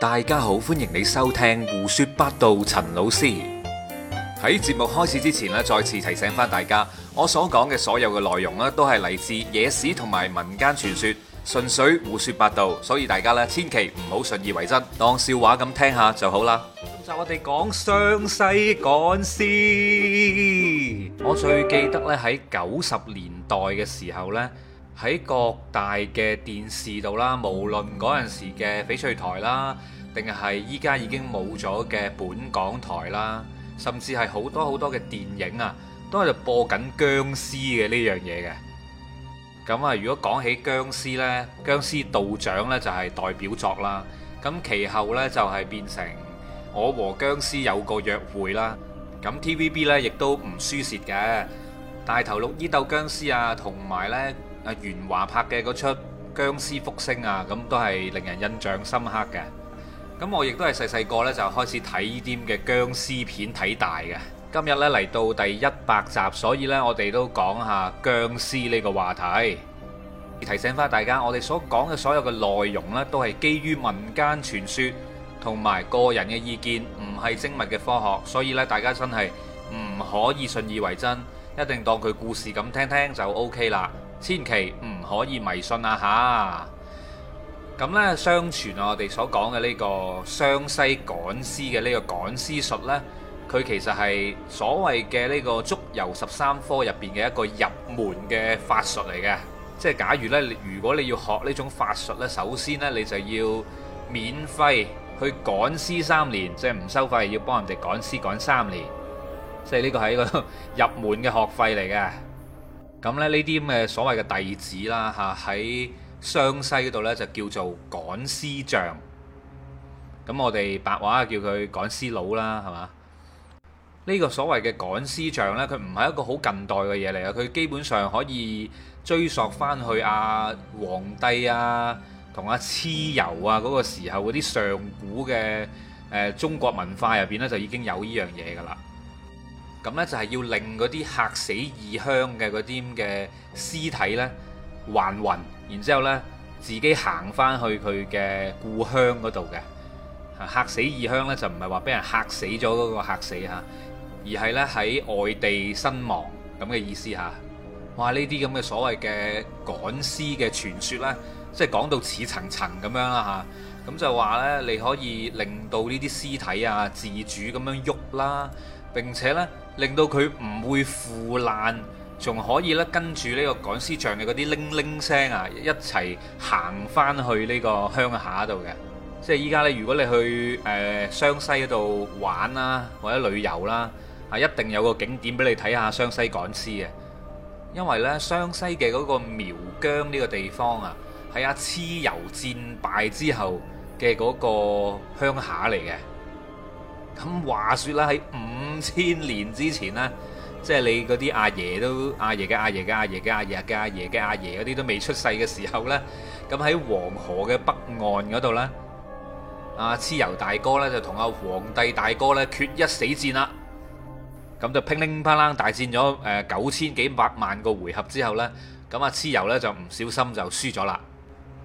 大家好，歡迎你收聽胡說八道。陳老師喺節目開始之前咧，再次提醒翻大家，我所講嘅所有嘅內容咧都係嚟自野史同埋民間傳說，純粹胡說八道，所以大家咧千祈唔好信以為真，當笑話咁聽下就好啦。今集我哋講湘西趕屍，我最記得咧喺九十年代嘅時候喺各大嘅電視度啦，無論嗰陣時嘅翡翠台啦，定係依家已經冇咗嘅本港台啦，甚至係好多好多嘅電影啊，都喺度播緊殭屍嘅呢樣嘢嘅。咁啊，如果講起殭屍呢，殭屍道長呢就係代表作啦。咁其後呢就係變成我和殭屍有個約會啦。咁 TVB 呢亦都唔輸蝕嘅，大頭綠衣鬥殭屍啊，同埋呢。阿袁華拍嘅嗰出《殭屍福星》啊，咁都係令人印象深刻嘅。咁我亦都係細細個呢，就開始睇啲嘅殭屍片睇大嘅。今日呢，嚟到第一百集，所以呢，我哋都講下殭屍呢個話題。提醒翻大家，我哋所講嘅所有嘅內容呢，都係基於民間傳說同埋個人嘅意見，唔係精密嘅科學，所以呢，大家真係唔可以信以為真，一定當佢故事咁聽聽就 OK 啦。千祈唔可以迷信啊！吓、啊、咁呢，相傳我哋所講嘅呢個湘西趕屍嘅呢個趕屍術呢，佢其實係所謂嘅呢個足游十三科入邊嘅一個入門嘅法術嚟嘅。即係假如呢，如果你要學呢種法術呢，首先呢，你就要免費去趕屍三年，即係唔收費，要幫人哋趕屍趕三年，即係呢個係一個入門嘅學費嚟嘅。咁咧呢啲咁嘅所謂嘅弟子啦，嚇喺湘西嗰度呢，就叫做趕屍匠，咁我哋白話叫佢趕屍佬啦，係嘛？呢、這個所謂嘅趕屍匠呢，佢唔係一個好近代嘅嘢嚟啊！佢基本上可以追溯翻去阿皇帝啊，同阿蚩尤啊嗰個時候嗰啲上古嘅誒中國文化入邊呢，就已經有呢樣嘢噶啦。咁咧就係要令嗰啲客死異鄉嘅嗰啲嘅屍體咧還魂，然之後咧自己行返去佢嘅故鄉嗰度嘅客死異鄉咧就唔係話俾人嚇死咗嗰個嚇死嚇，而係咧喺外地身亡咁嘅意思嚇。哇！呢啲咁嘅所謂嘅趕屍嘅傳說咧，即係講到似層層咁樣啦嚇。咁就話咧你可以令到呢啲屍體啊自主咁樣喐啦，並且咧。令到佢唔會腐爛，仲可以咧跟住呢個趕屍匠嘅嗰啲鈴鈴聲啊，一齊行翻去呢個鄉下度嘅。即係依家呢，如果你去誒湘西嗰度玩啦、啊，或者旅遊啦、啊，一定有個景點俾你睇下湘西趕屍嘅。因為呢，湘西嘅嗰個苗疆呢個地方啊，係阿蚩尤戰敗之後嘅嗰個鄉下嚟嘅。咁話說啦，喺五千年之前呢即係你嗰啲阿爺都阿爺嘅阿爺嘅阿爺嘅阿爺嘅阿爺嘅阿爺嗰啲都未出世嘅時候呢咁喺黃河嘅北岸嗰度呢阿蚩尤大哥呢就同阿皇帝大哥呢決一死戰啦。咁就乒呤乓啷大戰咗九千幾百萬個回合之後呢咁阿蚩尤呢就唔小心就輸咗啦。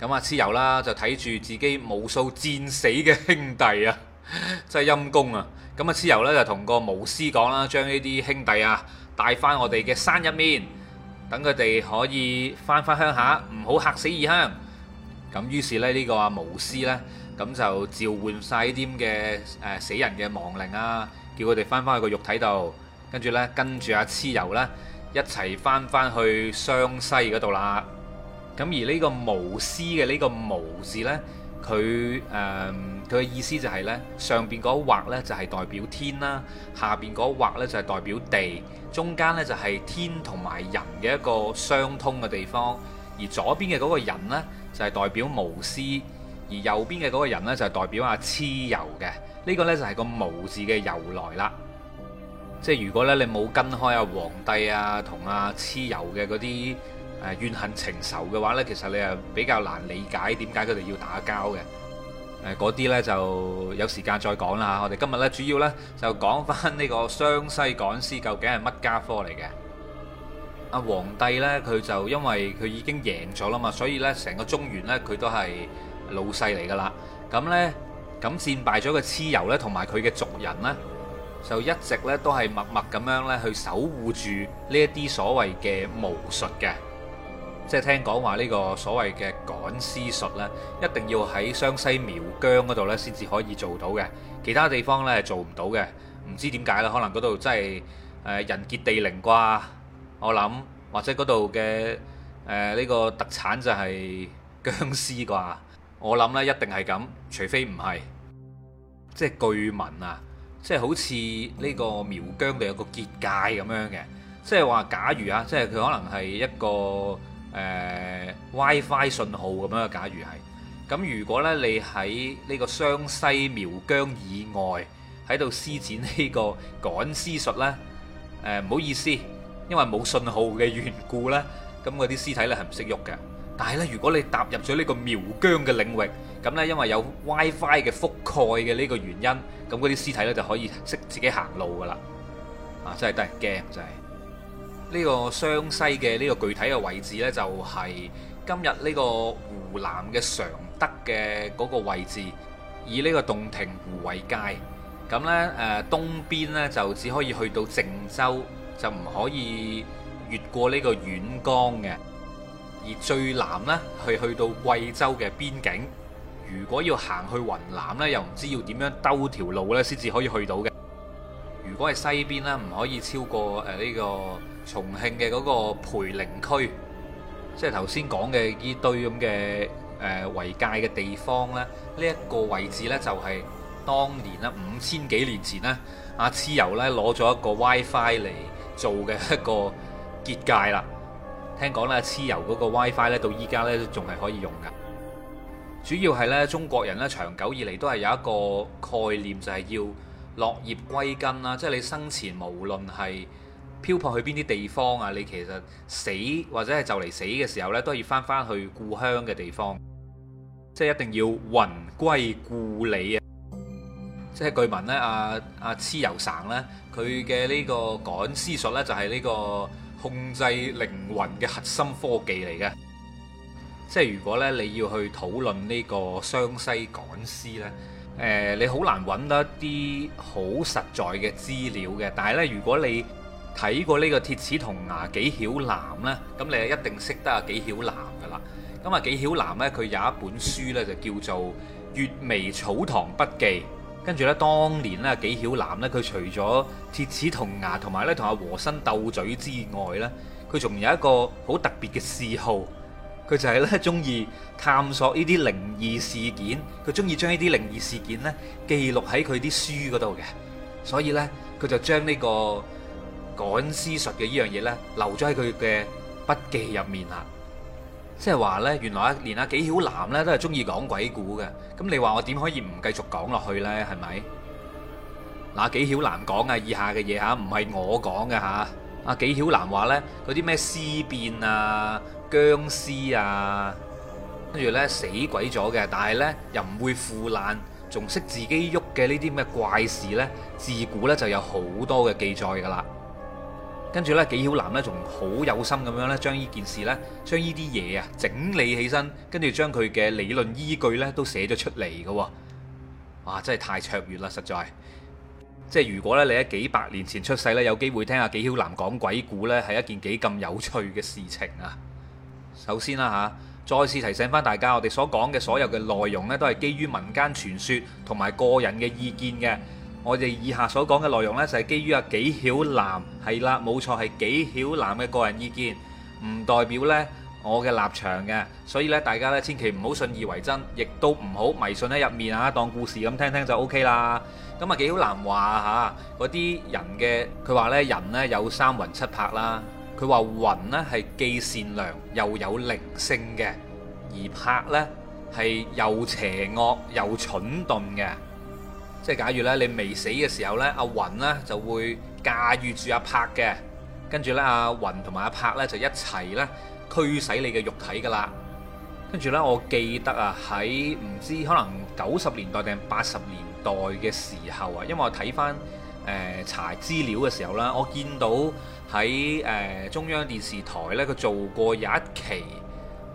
咁阿蚩尤啦就睇住自己無數戰死嘅兄弟啊！ 真係陰功啊！咁啊，蚩尤咧就同個巫師講啦，將、啊、呢啲兄弟啊帶翻我哋嘅山入面，等佢哋可以翻翻鄉下，唔好吓死異鄉。咁於是咧呢個阿巫師咧咁就召喚晒啲嘅誒死人嘅亡靈啊，叫佢哋翻翻去個肉體度，跟住咧跟住阿蚩尤咧一齊翻翻去湘西嗰度啦。咁而呢個巫師嘅呢個巫字咧。佢誒佢嘅意思就係、是、呢：上邊嗰畫呢，就係代表天啦，下邊嗰畫呢，就係代表地，中間呢，就係天同埋人嘅一個相通嘅地方，而左邊嘅嗰個人呢，就係代表巫師，而右邊嘅嗰個人呢，就係代表阿蚩尤嘅，呢、這個呢，就係個巫字嘅由來啦。即係如果呢，你冇跟開阿皇帝啊同阿蚩尤嘅嗰啲。誒，怨恨情仇嘅話咧，其實你係比較難理解點解佢哋要打交嘅。誒，嗰啲咧就有時間再講啦。吓，我哋今日咧主要咧就講翻呢個湘西趕屍究竟係乜家科嚟嘅。阿皇帝咧，佢就因為佢已經贏咗啦嘛，所以咧成個中原咧佢都係老細嚟噶啦。咁咧，咁戰敗咗個蚩尤咧，同埋佢嘅族人咧，就一直咧都係默默咁樣咧去守護住呢一啲所謂嘅巫術嘅。即係聽講話呢個所謂嘅趕屍術呢，一定要喺湘西苗疆嗰度咧先至可以做到嘅，其他地方咧做唔到嘅。唔知點解咧，可能嗰度真係人傑地靈啩。我諗或者嗰度嘅誒呢個特產就係僵屍啩。我諗呢，一定係咁，除非唔係即係據聞啊，即係好似呢個苗疆嘅一個結界咁樣嘅，即係話假如啊，即係佢可能係一個。誒，WiFi 信號咁樣，假如係咁，如果咧你喺呢個湘西苗疆以外喺度施展呢個趕屍術呢，呃，唔好意思，因為冇信號嘅緣故咧，咁嗰啲屍體呢係唔識喐嘅。但係呢，如果你踏入咗呢個苗疆嘅領域，咁呢，因為有 WiFi 嘅覆蓋嘅呢個原因，咁嗰啲屍體呢就可以識自己行路噶啦，啊真係得人驚，真係。呢個湘西嘅呢個具體嘅位置咧，就係今日呢個湖南嘅常德嘅嗰個位置，以呢個洞庭湖為界。咁咧，誒，東邊咧就只可以去到靖州，就唔可以越過呢個沅江嘅。而最南咧係去到貴州嘅邊境。如果要行去雲南咧，又唔知要點樣兜條路咧，先至可以去到嘅。如果係西邊啦，唔可以超過呢、呃呢個重慶嘅嗰個涪陵區，即係頭先講嘅依堆咁嘅誒圍界嘅地方呢一、呢個位置、啊、呢，就係當年啦五千幾年前呢阿蚩尤呢攞咗一個 WiFi 嚟做嘅一個結界啦。聽講咧，阿蚩尤嗰個 WiFi 呢到依家呢，仲係可以用噶。主要係呢，中國人呢長久以嚟都係有一個概念就係、是、要，落葉歸根啦，即係你生前無論係漂泊去邊啲地方啊，你其實死或者係就嚟死嘅時候咧，都要翻翻去故鄉嘅地方，即係一定要魂歸故里啊！即係據聞呢，阿阿蚩尤神咧，佢嘅呢個趕屍術呢，就係呢個控制靈魂嘅核心科技嚟嘅。即係如果呢，你要去討論呢個湘西趕屍呢。誒、呃，你好難揾到一啲好實在嘅資料嘅，但係呢，如果你睇過呢個鐵齒銅牙紀曉嵐呢，咁你就一定識得阿紀曉嵐噶啦。咁啊，紀曉嵐呢，佢有一本書呢，就叫做《閱微草堂筆記》。跟住呢，當年呢，紀曉嵐呢，佢除咗鐵齒銅牙同埋咧同阿和珅鬥嘴之外呢，佢仲有一個好特別嘅嗜好。佢就係咧中意探索呢啲靈異事件，佢中意將呢啲靈異事件咧記錄喺佢啲書嗰度嘅，所以咧佢就將、這個、呢個趕屍術嘅呢樣嘢咧留咗喺佢嘅筆記入面啊！即係話咧，原來連阿啊，紀曉嵐咧都係中意講鬼故嘅，咁你話我點可以唔繼續講落去咧？係咪？嗱，紀曉嵐講呀以下嘅嘢嚇，唔係我講嘅嚇。阿紀曉嵐話咧，嗰啲咩屍變啊～僵屍啊，跟住呢死鬼咗嘅，但係呢又唔會腐爛，仲識自己喐嘅呢啲咩怪事呢？自古呢就有好多嘅記載噶啦。跟住呢，紀曉嵐呢仲好有心咁樣咧，將呢件事呢,將呢啲嘢啊整理起身，跟住將佢嘅理論依據呢都寫咗出嚟噶喎。哇，真係太卓越啦，實在。即係如果咧你喺幾百年前出世呢，有機會聽下紀曉嵐講鬼故呢，係一件幾咁有趣嘅事情啊！首先啦吓，再次提醒翻大家，我哋所講嘅所有嘅內容呢，都係基於民間傳說同埋個人嘅意見嘅。我哋以下所講嘅內容呢，就係基於阿紀曉嵐係啦，冇錯係紀曉嵐嘅個人意見，唔代表呢我嘅立場嘅。所以呢，大家呢，千祈唔好信以為真，亦都唔好迷信喺入面啊，當故事咁聽聽就 OK 啦。咁啊，紀曉嵐話嚇嗰啲人嘅，佢話呢，人呢，有三魂七魄啦。佢話雲咧係既善良又有靈性嘅，而柏呢係又邪惡又蠢鈍嘅。即係假如咧你未死嘅時候咧，阿、啊、雲呢就會駕馭住阿柏嘅，跟住呢，阿、啊、雲同埋阿柏呢就一齊呢驅使你嘅肉體噶啦。跟住呢，我記得啊喺唔知可能九十年代定八十年代嘅時候啊，因為我睇翻。查資料嘅時候啦，我見到喺誒中央電視台呢，佢做過有一期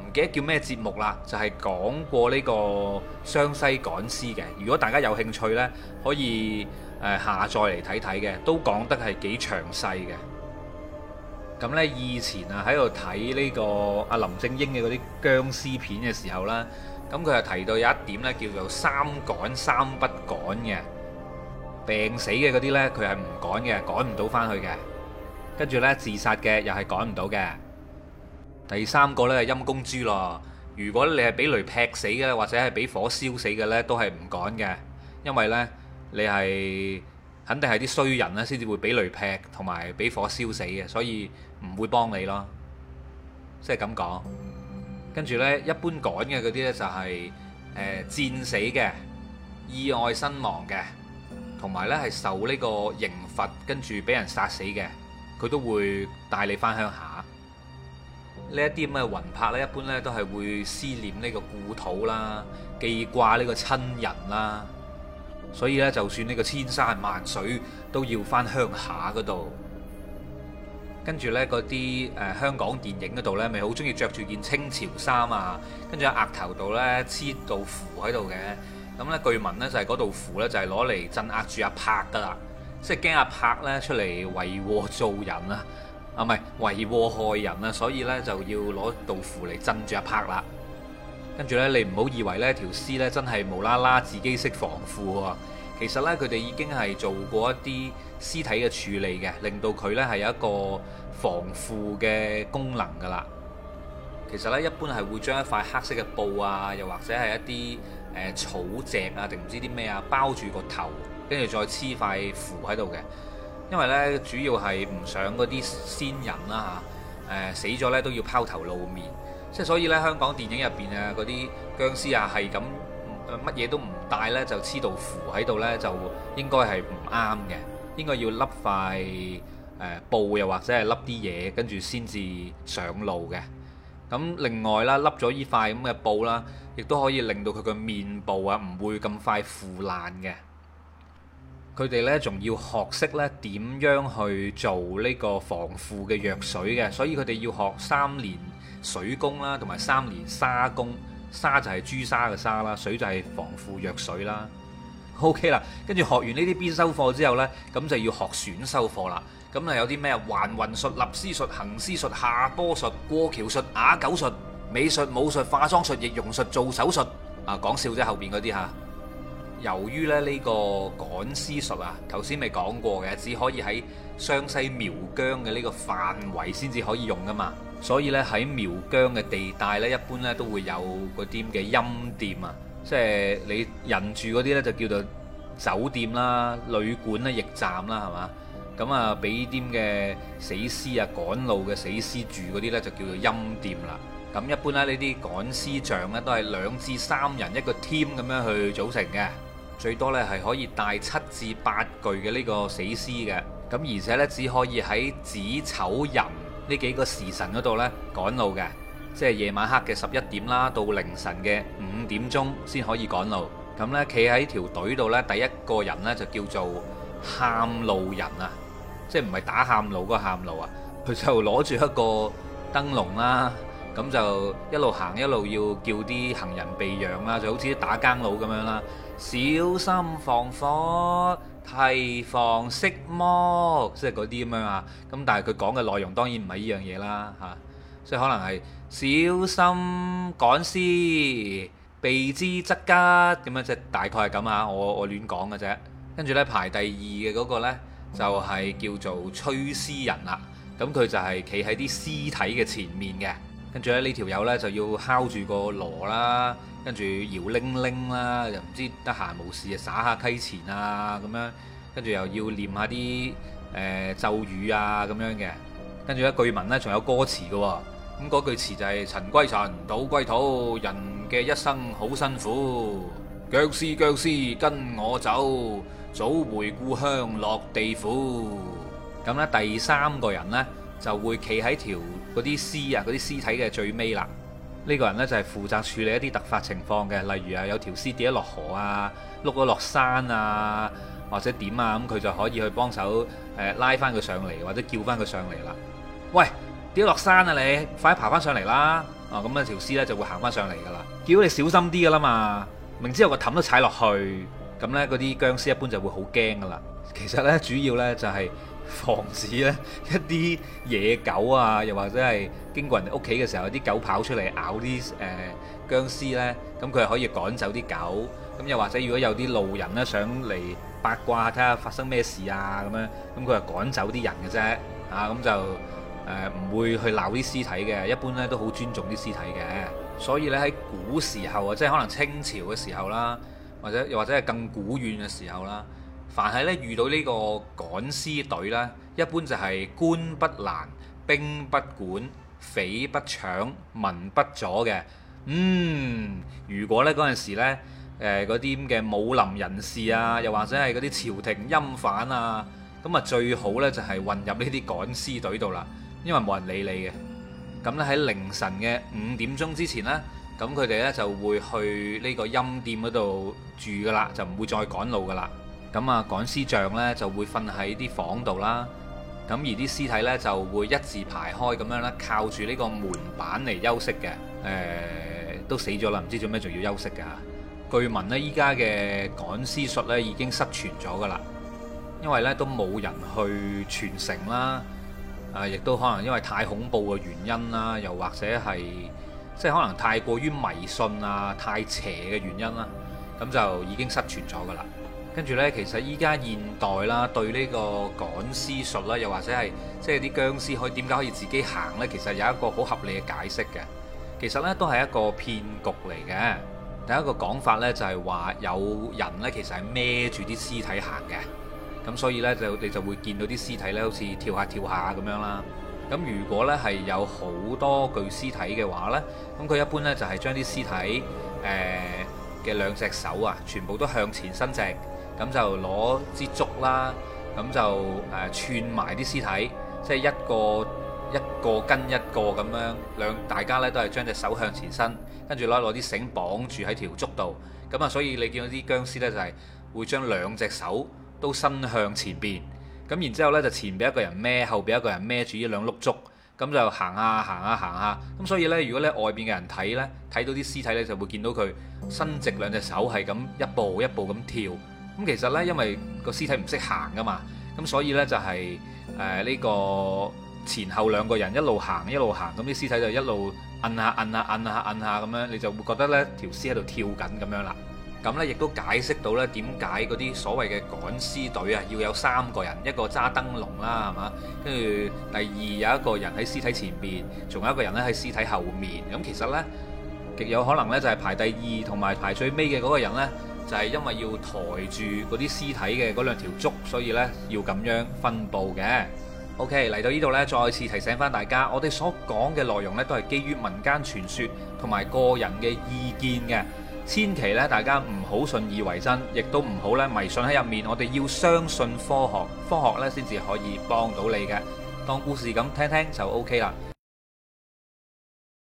唔記得叫咩節目啦，就係講過呢個湘西趕屍嘅。如果大家有興趣呢，可以誒下載嚟睇睇嘅，都講得係幾詳細嘅。咁呢，以前啊喺度睇呢個阿林正英嘅嗰啲僵屍片嘅時候啦，咁佢又提到有一點呢，叫做三趕三不趕嘅。病死嘅嗰啲呢，佢係唔趕嘅，趕唔到翻去嘅。跟住呢，自殺嘅又係趕唔到嘅。第三個呢，陰公豬咯。如果你係俾雷劈死嘅，或者係俾火燒死嘅呢，都係唔趕嘅，因為呢你係肯定係啲衰人呢，先至會俾雷劈同埋俾火燒死嘅，所以唔會幫你咯。即係咁講，跟住呢，一般趕嘅嗰啲呢就係誒戰死嘅、意外身亡嘅。同埋咧，係受呢個刑罰，跟住俾人殺死嘅，佢都會帶你翻鄉下。呢一啲咁嘅魂魄咧，一般咧都係會思念呢個故土啦，記掛呢個親人啦。所以咧，就算呢個千山萬水，都要翻鄉下嗰度。跟住咧，嗰啲誒香港電影嗰度咧，咪好中意着住件清朝衫啊，跟住喺額頭度咧黐道符喺度嘅。咁咧，據聞呢，就係嗰道符呢，就係攞嚟鎮壓住阿柏噶啦，即係驚阿柏呢出嚟為禍造人啊，啊唔係為禍害人啊，所以呢就要攞道符嚟鎮住阿柏啦。跟住呢，你唔好以為呢條屍呢真係無啦啦自己識防腐啊，其實呢，佢哋已經係做過一啲屍體嘅處理嘅，令到佢呢係有一個防腐嘅功能噶啦。其實呢，一般係會將一塊黑色嘅布啊，又或者係一啲。誒草正啊，定唔知啲咩啊，包住個頭，跟住再黐塊符喺度嘅。因為呢主要係唔想嗰啲仙人啦吓，死咗呢都要拋頭露面，即係所以呢，香港電影入邊啊嗰啲殭屍啊係咁乜嘢都唔帶呢，就黐到符喺度呢，就應該係唔啱嘅，應該要笠塊布，又或者係笠啲嘢，跟住先至上路嘅。咁另外啦，笠咗依塊咁嘅布啦，亦都可以令到佢嘅面部啊唔會咁快腐爛嘅。佢哋呢仲要學識呢點樣去做呢個防腐嘅藥水嘅，所以佢哋要學三年水工啦，同埋三年沙工。沙就係朱砂嘅沙啦，水就係防腐藥水啦。OK 啦，跟住學完呢啲必修課之後呢，咁就要學選修課啦。咁啊，有啲咩啊？還魂術、立屍術、行屍術、下坡術、過橋術、啞狗術、美術、武術、化妝術、易容術、做手術啊！講笑啫，後面嗰啲嚇。由於咧呢個趕屍術啊，頭先未講過嘅，只可以喺湘西苗疆嘅呢個範圍先至可以用噶嘛。所以咧喺苗疆嘅地帶咧，一般咧都會有嗰啲嘅陰店啊，即係你人住嗰啲咧就叫做酒店啦、旅館啦、驛站啦，係嘛？咁啊，俾啲嘅死屍啊，趕路嘅死屍住嗰啲呢，就叫做陰店啦。咁一般呢，呢啲趕屍匠呢，都係兩至三人一個 team 咁樣去組成嘅，最多呢，係可以帶七至八具嘅呢個死屍嘅。咁而且呢，只可以喺子丑寅呢幾個時辰嗰度呢，趕路嘅，即係夜晚黑嘅十一點啦，到凌晨嘅五點鐘先可以趕路。咁呢，企喺條隊度呢，第一個人呢，就叫做喊路人啊。即係唔係打喊路嗰個喊路啊？佢就攞住一個燈籠啦，咁就一路行一路要叫啲行人避讓啦，就好似啲打更佬咁樣啦。小心防火，提防色魔，即係嗰啲咁樣啊。咁但係佢講嘅內容當然唔係呢樣嘢啦吓，所以可能係小心趕屍，避之則吉咁樣，即係大概係咁啊。我我亂講嘅啫。跟住咧排第二嘅嗰個咧，就係叫做吹屍人啦，咁佢就係企喺啲屍體嘅前面嘅，跟住咧呢條友呢，就要敲住個鑼啦，跟住搖鈴鈴啦，又唔知得閒冇事就撒下溪錢啊咁樣，跟住又要念下啲、呃、咒語啊咁樣嘅，跟住一句文呢，仲有歌詞嘅，咁嗰句詞就係、是、塵 歸塵，土歸土，人嘅一生好辛苦，殭屍殭屍跟我走。早回故鄉落地府，咁咧第三個人呢，就會企喺條嗰啲屍啊嗰啲屍體嘅最尾啦。呢、呢個人呢，就係、係、負責處理一啲突發情況嘅，例如啊有條屍跌咗落河啊，碌咗落山啊，或者點啊咁佢就可以去幫手、呃、拉翻佢上嚟，或者叫翻佢上嚟啦。喂，跌落山啊你，快啲爬翻上嚟啦！啊咁啊條屍呢，就會行翻上嚟噶啦，叫你小心啲噶啦嘛，明知有個氹都踩落去。咁咧，嗰啲僵屍一般就會好驚噶啦。其實咧，主要咧就係防止咧一啲野狗啊，又或者係經過人哋屋企嘅時候，有啲狗跑出嚟咬啲誒殭屍咧，咁佢係可以趕走啲狗。咁又或者如果有啲路人咧想嚟八卦睇下發生咩事啊咁樣，咁佢係趕走啲人嘅啫。啊，咁就誒唔、呃、會去鬧啲屍體嘅，一般咧都好尊重啲屍體嘅。所以咧喺古時候啊，即係可能清朝嘅時候啦。或者又或者係更古遠嘅時候啦，凡係咧遇到呢個趕屍隊咧，一般就係官不攔、兵不管、匪不搶、民不阻嘅。嗯，如果咧嗰陣時咧，誒嗰啲嘅武林人士啊，又或者係嗰啲朝廷陰犯啊，咁啊最好呢就係混入呢啲趕屍隊度啦，因為冇人理你嘅。咁咧喺凌晨嘅五點鐘之前呢。咁佢哋呢就會去呢個陰殿嗰度住噶啦，就唔會再趕路噶啦。咁啊，趕屍匠呢就會瞓喺啲房度啦。咁而啲屍體呢就會一字排開咁樣啦，靠住呢個門板嚟休息嘅。誒、欸，都死咗啦，唔知做咩仲要休息噶。據聞呢，依家嘅趕屍術呢已經失傳咗噶啦，因為呢都冇人去傳承啦。誒、啊，亦都可能因為太恐怖嘅原因啦，又或者係。即係可能太過於迷信啊，太邪嘅原因啦、啊，咁就已經失傳咗噶啦。跟住呢，其實依家現代啦，對呢個趕屍術啦、啊，又或者係即係啲僵屍可以點解可以自己行呢？其實有一個好合理嘅解釋嘅。其實呢，都係一個騙局嚟嘅。第一個講法呢，就係、是、話有人呢，其實係孭住啲屍體行嘅，咁所以呢，就你就會見到啲屍體呢，好似跳下跳下咁樣啦。咁如果咧係有好多具屍體嘅話咧，咁佢一般咧就係將啲屍體誒嘅兩隻手啊，全部都向前伸直，咁就攞支竹啦，咁就誒串埋啲屍體，即係一個一個跟一個咁樣，兩大家咧都係將隻手向前伸，跟住攞攞啲繩綁住喺條竹度，咁啊，所以你見到啲殭屍咧就係會將兩隻手都伸向前邊。咁然之後呢，就前邊一個人孭，後邊一個人孭住一兩碌竹，咁就行下行下行下。咁所以呢，如果呢外邊嘅人睇呢，睇到啲屍體呢就會見到佢伸直兩隻手，係咁一步一步咁跳。咁其實呢，因為個屍體唔識行噶嘛，咁所以呢、就係誒，就係呢個前後兩個人一路行一路行，咁啲屍體就一路按下按下按下按下咁樣，你就會覺得呢條屍喺度跳緊咁樣啦。咁咧，亦都解釋到咧點解嗰啲所謂嘅趕屍隊啊，要有三個人，一個揸燈籠啦，係嘛？跟住第二有一個人喺屍體前面，仲有一個人咧喺屍體後面。咁其實呢，極有可能呢，就係排第二同埋排最尾嘅嗰個人呢，就係因為要抬住嗰啲屍體嘅嗰兩條竹，所以呢，要咁樣分佈嘅。OK，嚟到呢度呢，再次提醒翻大家，我哋所講嘅內容呢，都係基於民間傳說同埋個人嘅意見嘅。千祈咧，大家唔好信以為真，亦都唔好咧迷信喺入面。我哋要相信科學，科學咧先至可以幫到你嘅。當故事咁聽聽就 OK 喇。